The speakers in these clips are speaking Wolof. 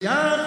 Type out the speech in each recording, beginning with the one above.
yaa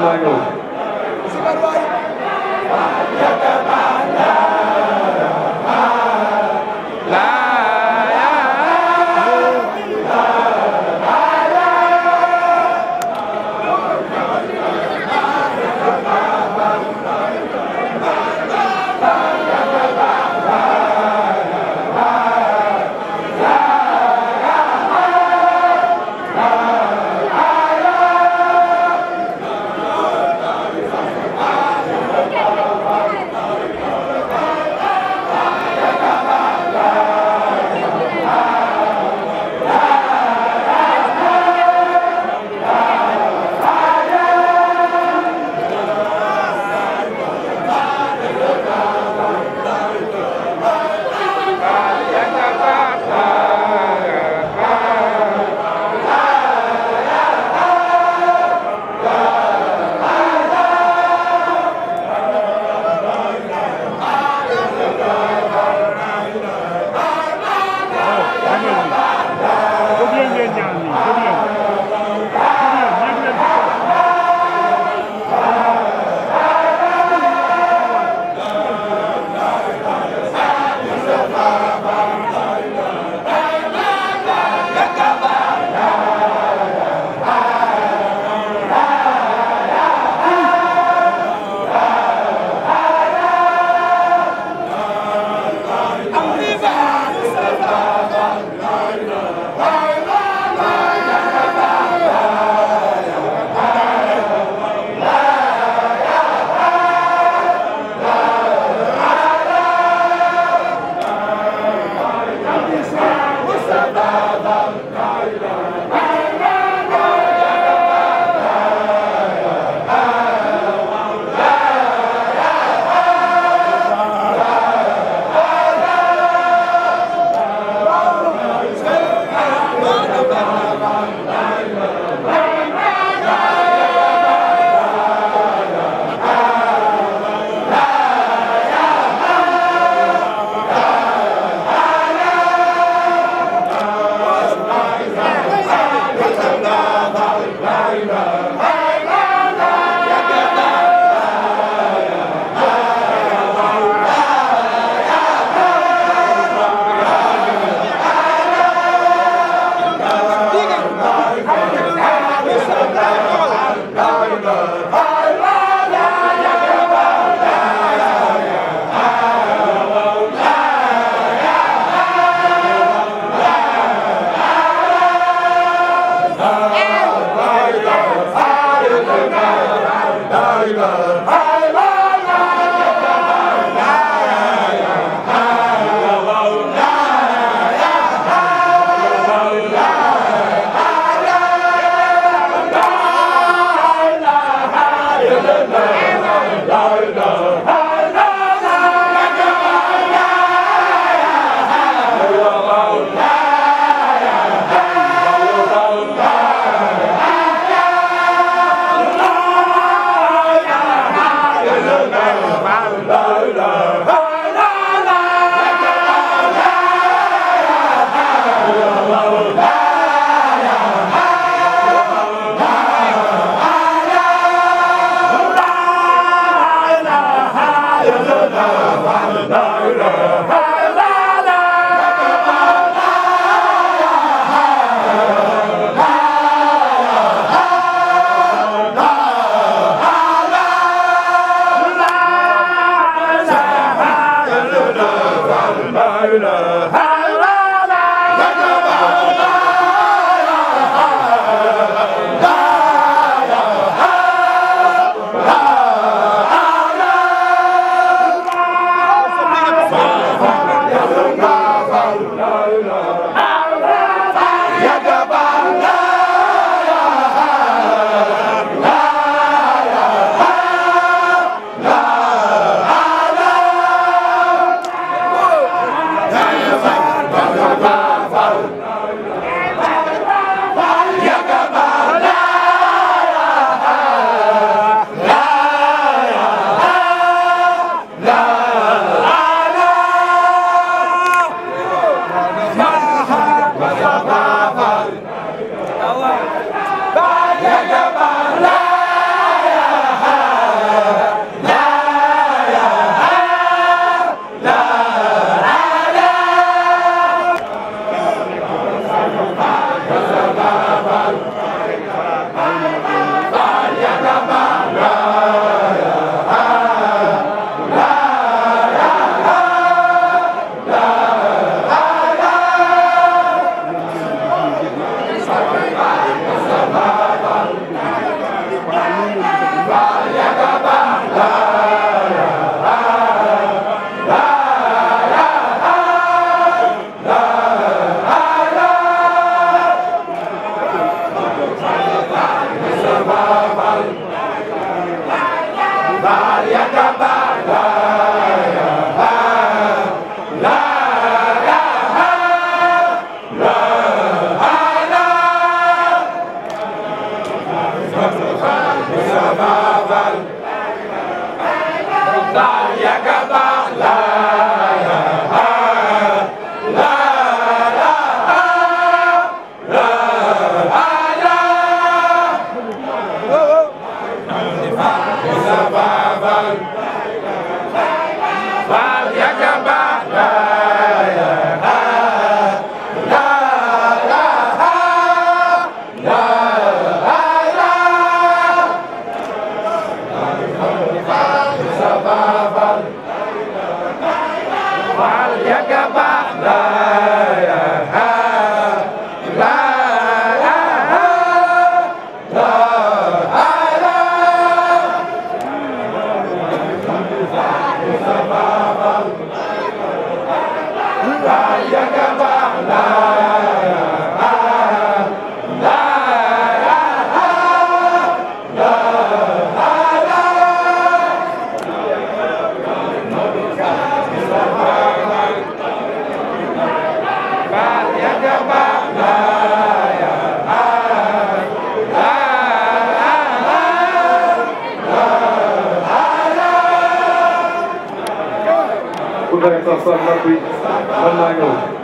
man maa ngi la la la la sax sax noppi man maa ñëw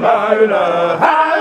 la ilaha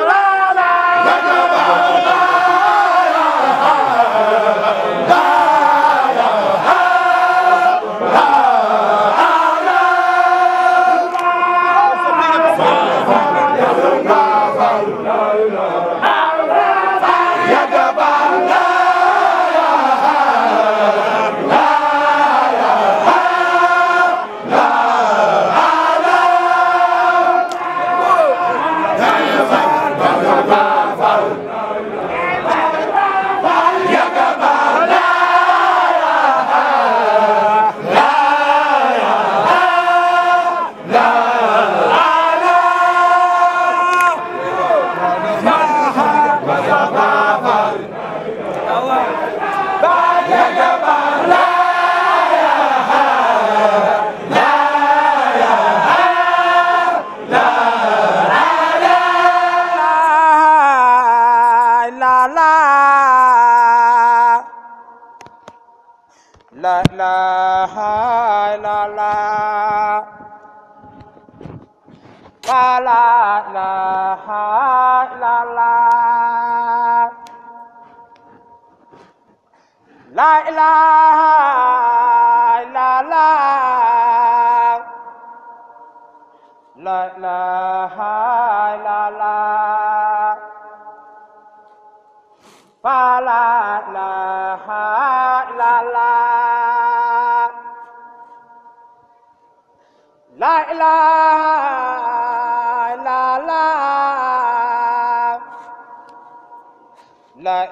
laa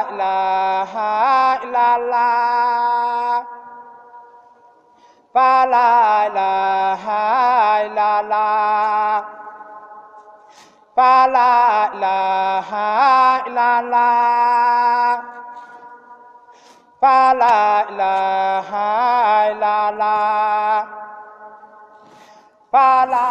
ilaha illallah ba la ilaha illallah ba la ilaha illallah ba la ilaha illallah ba la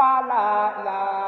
fa la la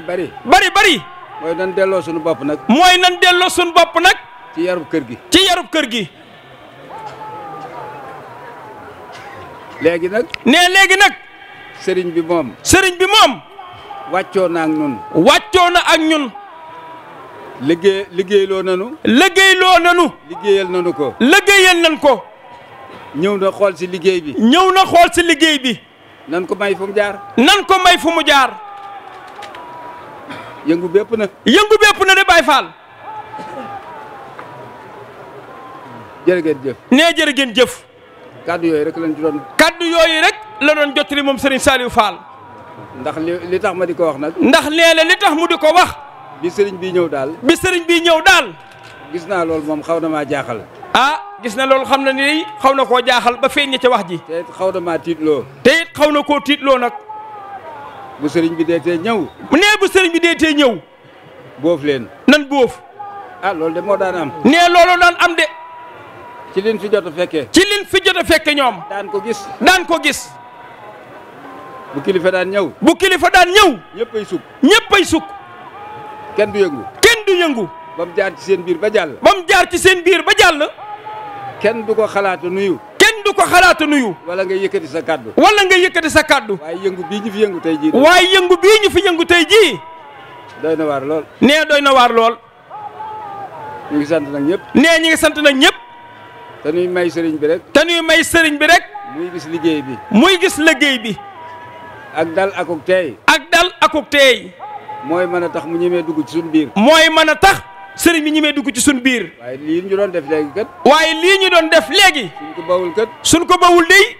bari bari. bari mooy nan delloo sunu bopp nag. mooy nan delloo suñu bopp nag. ci yarub kër gi. ci yarub kër gi. léegi nag. nee léegi nag. sëriñ bi moom. sëriñ bi moom. wàccoo na ak ñun. wàccoo na ak ñun. liggéey liggéeyloo nanu. liggéeyloo nanu. liggéeyal nanu ko. liggéeyal nan ko. ñëw na xool si liggéey bi. ñëw na xool si liggéey bi. nan ko may fu mu jaar. nan ko may fu mu jaar. yëngu bépp na. yëngu bépp na de Baye Fall. jërë ngeen jëf. nee jërë jëf. kaddu yooyu rek lañ ci doon. kaddu yooyu rek la doon jottali moom Serigne Saliou Fall. ndax li li tax ma di ko wax nag. ndax nee na li tax mu di ko wax. bi Serigne bi ñëw daal. bi sëriñ bi ñëw daal. gis naa loolu moom xaw na maa jaaxal. ah gis na loolu xam na ni xaw na koo jaaxal ba feeñ ca wax ji. te xaw na maa tiit loo it xaw na koo loo nag. bu sëriñ bi deetee ñëw. nee bu sëriñ bi deetee ñëw. boof leen. nan boof. ah loolu de moo daan am. nee loolu daan am de. ci liñ fi jot a ci liñ fi jot a ñoom. daan ko gis. daan ko gis. bu kilifa daan ñëw. bu kilifa daan ñëw. ñëppay sukk. ñëppay suk kenn du yëngu. kenn du yëngu. ba mu jaar ci seen biir ba jàll. ba mu jaar ci seen biir ba jàll. kenn du ko xalaatu nuyu. du ko xalaata nuyu. wala nga yëkkati sa kàddu. wala nga yëkkati sa kàddu. waaye yëngu bii ñu fi yëngu tey jii. waaye yëngu bii ñu fi yëngu tey jii. doy na waar lool. nee doy na waar lool. ñu ngi sant nag ñëpp. nee ñu sant nag ñëpp. te nuy may sëriñ bi rek. te nuy may sëriñ bi rek. muy gis liggéey bi. muy gis liggéey bi. ak dal akuk teey. ak dal akuk teey. mooy mën a tax mu ñemee dugg ci suñu biir. mooy mën a tax. sëriñ bi ñimee dugg ci suñ biir. waaye lii ñu doon def léegi kat. waaye lii ñu doon def léegi. suñ ko bawul kat. suñ ko bawul dey.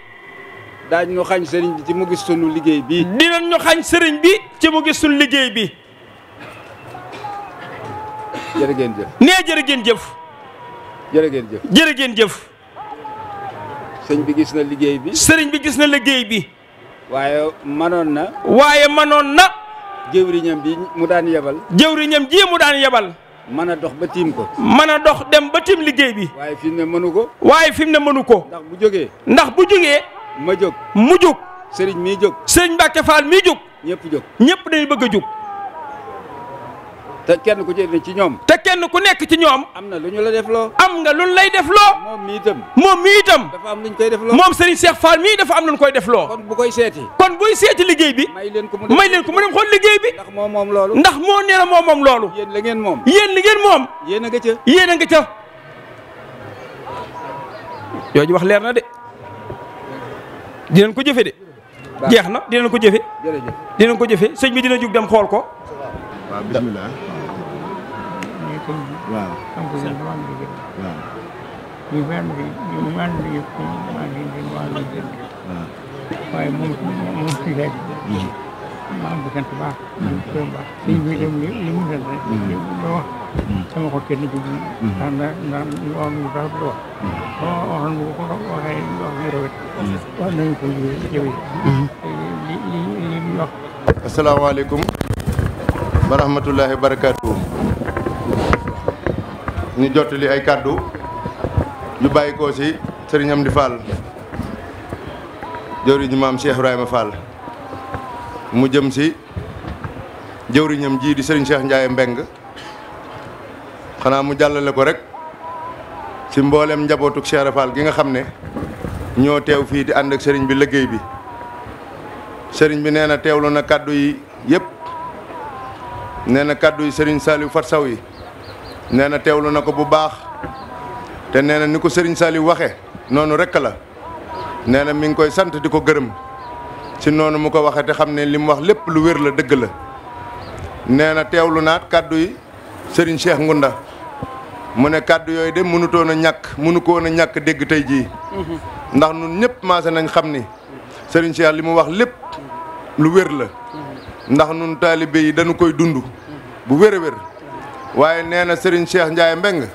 daañu ñu xañ sëriñ bi ci mu gis sunu liggéey bi. dinañ xañ sëriñ bi ci mu gis sunu liggéey bi. jërë ngeen jëf. nee jërë ngeen jëf. jërë jëf. jërë bi gis na liggéey bi. sëriñ bi gis na liggéey bi. waaye manoon na. waaye manoon na. jëwriñam bi mu daan yebal. jëwriñam ji mu daan yebal. mën a dox ba tiim ko. mën a dox dem ba tiim liggéey bi. waaye fi ne mënu ko. waaye fi mu ne mënu ko. ndax bu jógee. ndax bu jógee. ma jóg mu jóg. sëriñ mii jóg. sëriñ Mbacke Fall mii jóg. ñëpp jóg ñëpp dañu bëgg a jóg. te kenn ku ci ci ñoom te kenn ku nekk ci ñoom am na lu ñu la def loo am nga lu lay def loo moom mi itam moom mi itam dafa am lu koy def moom Serigne Cheikh Fall mii dafa am lu ñu koy def loo kon bu kon buy seeti liggéey bi may leen ko mu dem xool liggéey bi ndax moo moom loolu ndax moo nee na moo moom loolu yéen la ngeen moom yéen li ngeen moom yéen nga ca yéen nga ca yooyu wax leer na de dinañ ko jëfe de jeex na dinañ ko jëfe dinañ ko jëfe sëñ bi dina jug dem xool ko waaw sëñ bi. waaw am ko gën maa ngi gën. waaw. ñu mel ni ñu mel ni yëpp maa ngi gën maa ngi gën. waaw. waaye moom moom si laaj. Mhm. maa ngi sant baax. Mhm. maa ngi gërëm baax. sëñ bi dem li li mu dal rek. Mhm. li mu wax. sama xol kenn ci biir. ndax ndax ndax ñu wax ñu baax du wax. waaw waxoon nga ko waxee wax nga rafet. wax nañu ko jëwee. li li li mu wax. asalaamaaleykum. wa rahmatulahi wa barakaatuhu. ñu jottali ay kàddu yu bàyyikoo ci sëriñam Amdi Fall jëwriñu maam Cheikh Ibrahima Fall mu jëm ci jëwriñam jii di sëriñ Cheikh Ndiaye Mbeng xanaa mu jàllale ko rek ci mboolem njabootuk Cheikh Fall gi nga xam ne ñoo teew fii di ànd ak sëriñ bi liggéey bi sëriñ bi nee na teewlu na kàddu yi yépp nee kàddu yi sëriñ Saliou Farsaw yi nee na teewlu na ko bu baax te nee na ni ko sëriñ saali waxe noonu rek la nee na mi ngi koy sant di ko gërëm ci noonu mu ko waxee te xam ne li mu wax lépp lu wér la dëgg la nee na teewlu naat kàddu yi Serigne Cheikh Ngunda mu ne kàddu yooyu de mënutoon a ñàkk mënu ko ñàkk dégg tey jii ndax nun ñëpp maase nañ xam ni Serigne Cheikh li mu wax lépp lu wér la ndax nun taalibe yi dañu koy dund bu wér a wér waaye nee na Serigne Cheikh Ndiaye Mbeng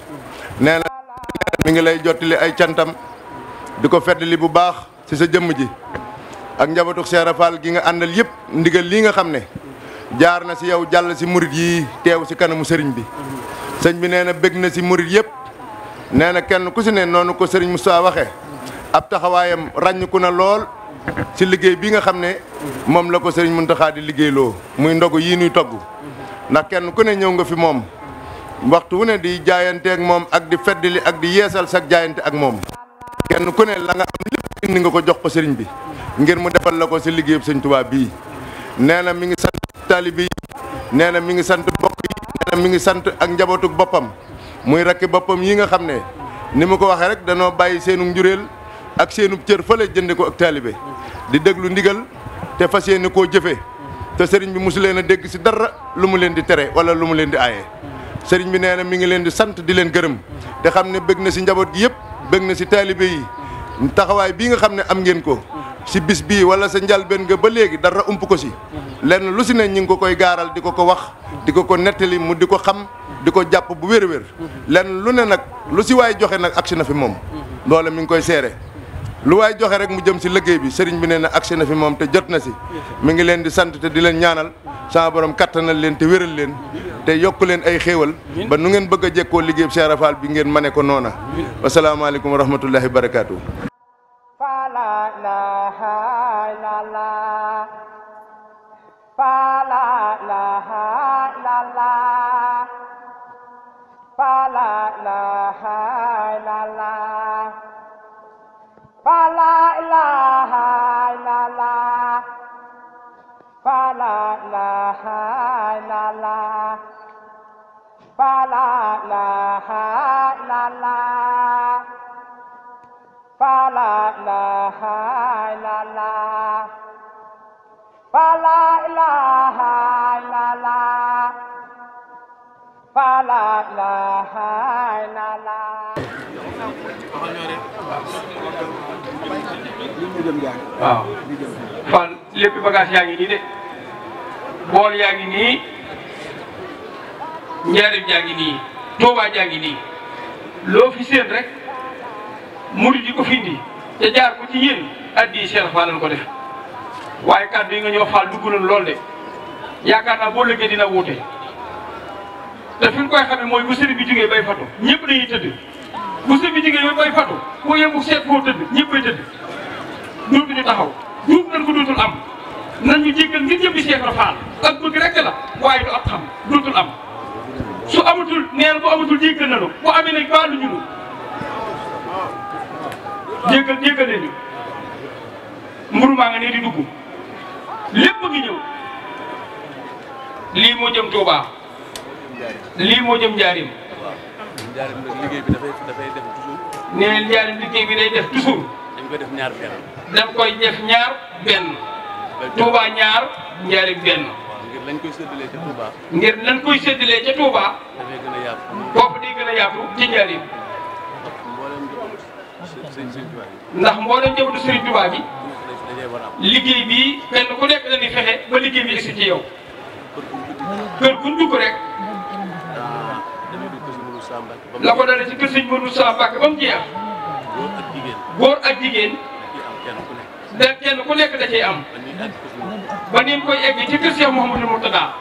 nee na mi ngi lay jottali ay cantam di ko feddali bu baax ci sa jëmm ji ak njabootu Cheikh Rafal gi nga àndal yëpp ndigal lii nga xam ne jaar na si yow jàll si murit yi teew si kanamu sëriñ bi sëñ bi nee na bëgg na si murit yëpp nee na kenn ku si ne noonu ko sëriñ mu saa waxe ab taxawaayam ràññiku na lool ci liggéey bi nga xam ne moom la ko sëriñ Mountakha di liggéeyloo muy ndogu yii nuy togg ndax kenn ku ne ñëw nga fi moom waxtu wu ne di jaayanteeg moom ak di fedd li ak di yeesal sag jaayante ak moom kenn ku ne la nga am lépp indi nga ko jox ko sëriñ bi ngir mu defal la ko si liggéeyub sëñ tubaab bii nee na mi ngi sant taalibe yi nee na mi ngi sant bokk yi nee mi ngi sant ak njabootuk boppam muy rakki boppam yi nga xam ne ni mu ko waxee rek danoo bàyyi seenu njuréel ak seenu cër fële jënde ko ak taalibe di déglu ndigal te fas yéene koo jëfe te sëriñ bi mosu leen a dégg si dara lu mu leen di tere wala lu mu leen di aaye sëriñ bi nee na mi ngi leen di sant di leen gërëm te xam ne bëgg na si njaboot gi yëpp bëgg na si taalibe yi taxawaay bii nga xam ne am ngeen ko si bis bii wala sa njalbéen nga ba léegi dara ump ko si lenn lu si ne ñu ngi ko koy gaaral di ko ko wax di ko ko nettali mu di ko xam di ko jàpp bu wér-wér lenn lu ne nag lu si waay joxe nag agsi na fi moom loola mu ngi koy seere lu waay joxe rek mu jëm si liggéey bi sëriñ bi nee na agsi na fi moom te jot na si mi ngi leen di sant te di leen ñaanal sama borom kattanal leen te wéral leen te yokk leen ay xéewal ba nu ngeen bëgg a jekkoo liggéey Cheikh Ibra Fall bi ngeen mane ko noona wasalaamaaleykum wa rahmatullahi barakaatu. فلا إله إلا الله فلا إله إلا الله waaw Fall lépp bagage yaa ngi nii de bool yaa ngi nii njaarim yaa ngi nii Tuubaa yaa ngi nii loo fi seen rek murid yi ko findi te jaar ko ci yéen addi Cheikh Fall ko def waaye kàddu yi nga ñëw faal dugg na lool de yaakaar naa boo lëggee dina wuute te fi ñu koy xamee mooy bu sëriñ bi jugee bay fatu ñëpp dañuy tëdd bu sëriñ bi jugee bay fatu ku yëngu seet koo tëdd ñëpp tëdd dootuñu taxaw duub nañ ko dootul am nañ ñu jéggal ngir ñëpp di Cheikh Ibra Fall ak bëgg rek la waaye du ab xam dootul am su amatul neel bu amatul jéggal nañu bu amee nag baalu ñu jéggal jéggal nañu mburu maa nga ne di dugg lépp ngi ñëw lii moo jëm Touba lii moo jëm Njaarim. Njaarim nag liggéey bi dafay dafay def toujours. nee Njaarim liggéey bi day def toujours. dañ koy def ñaar benn. dañ koy def ñaar benn. Touba ñaar Njaarim benn. ngir lañ koy séddalee ca Touba. ngir lañ koy séddalee ca Touba. dafay gën a yaatu. bopp day gën a yaatu ci Njaarim. ndax mboolem jëmatu Serigne Touba bi. liggéey bii kenn ku nekk dañuy fexe ba liggéey bi egsi ci yow kër gu ñu dugg rek la ko dale ci kër sëñ Modou Sa Mbacké ba mu jeex góor ak jigéen da kenn ku nekk da cay am ba ni koy egg ci kër Cheikh Mouhamadou Mourtada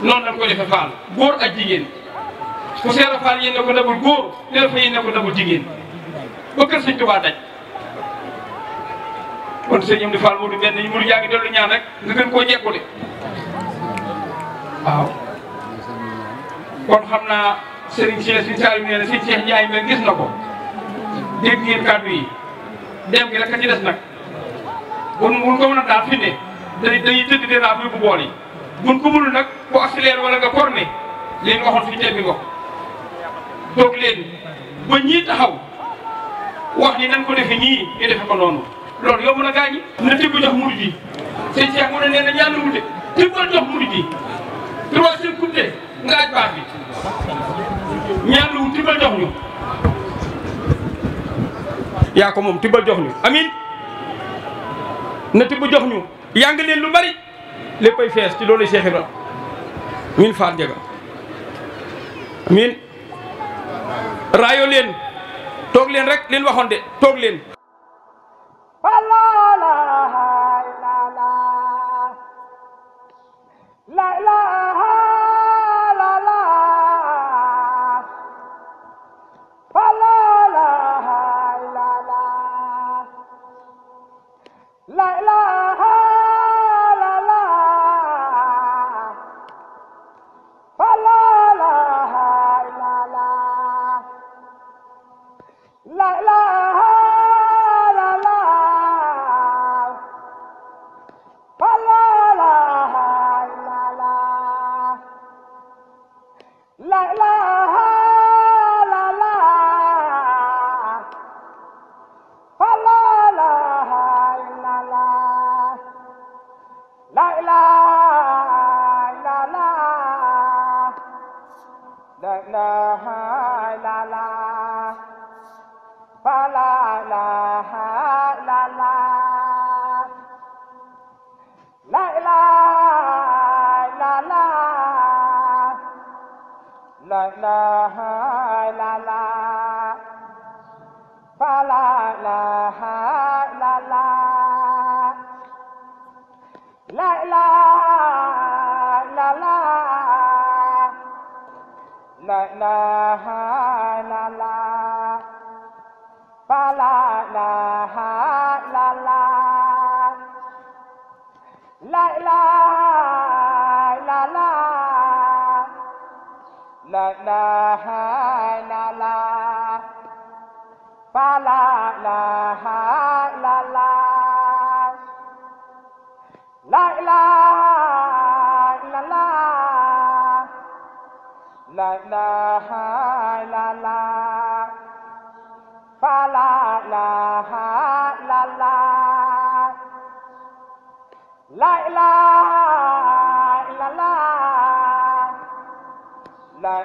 noonu dañ koy defe góor ak jigéen ku seera faal yéen ne ko dabul góor leer fa yéen ne ko dabul jigéen ba kër sëñ kon sëñ Amdi Fall Modou benn ñu mënu yaa ngi dellu ñaan rek nga gën koo jekkule waaw kon xam naa Serigne Cheikh si Saliou nee na si Cheikh Ndiaye mel gis na ko dégg ngeen kàddu yi dem gi rek a ci des nag buñ buñ ko mën a daal fi ne day dañuy tëdd dee naa bu bool yi buñ ko mënul nag ku accéléré wala nga corné leen waxoon fi tebbi ko doog leen ba ñii taxaw wax ni nan ko defe ñii ñu defe ko noonu loolu yomb na gaañi na tibb jox murid yi sëñ Cheikh mu ne nee na ñaan lu wute jox murid yi troisième coupé nga aj baat bi ñaan lu jox ñu yaa moom tibbal jox ñu amin na tibb jox ñu yaa leen lu bari léppay fees ci loolu Cheikh Ibra min faat jega min raayo leen rek leen waxoon de toog leen ilaha illallah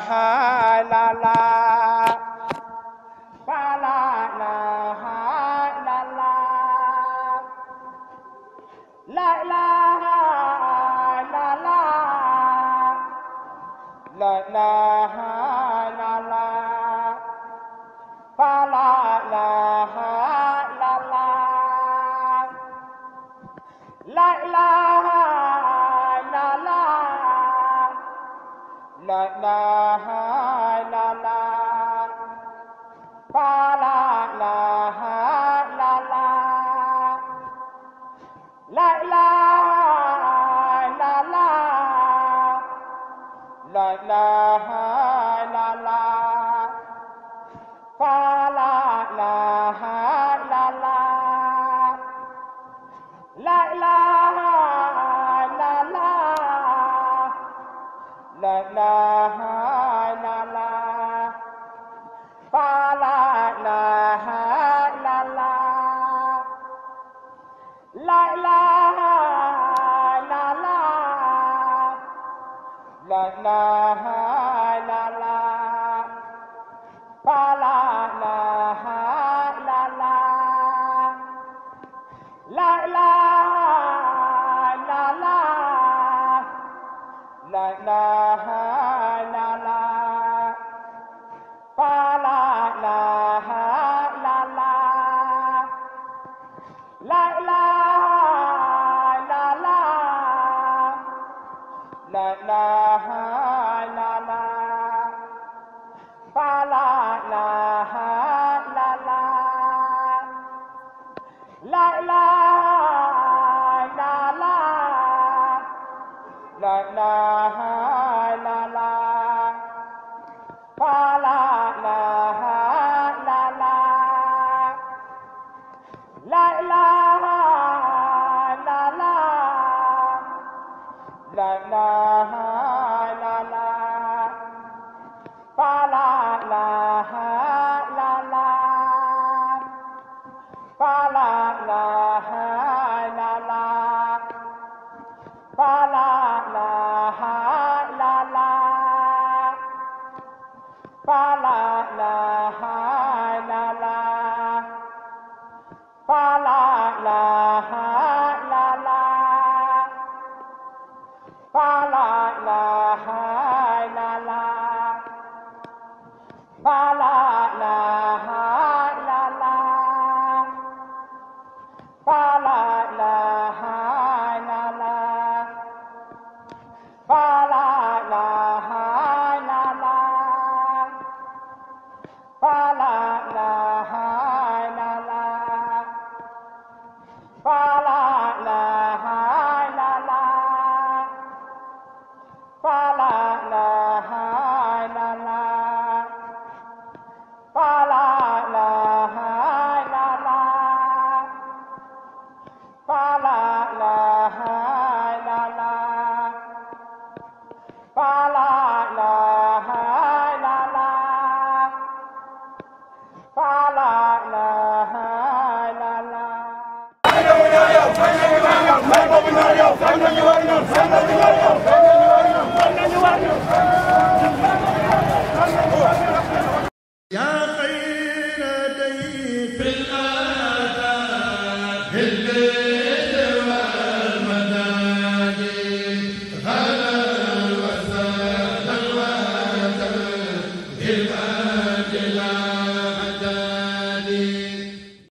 ha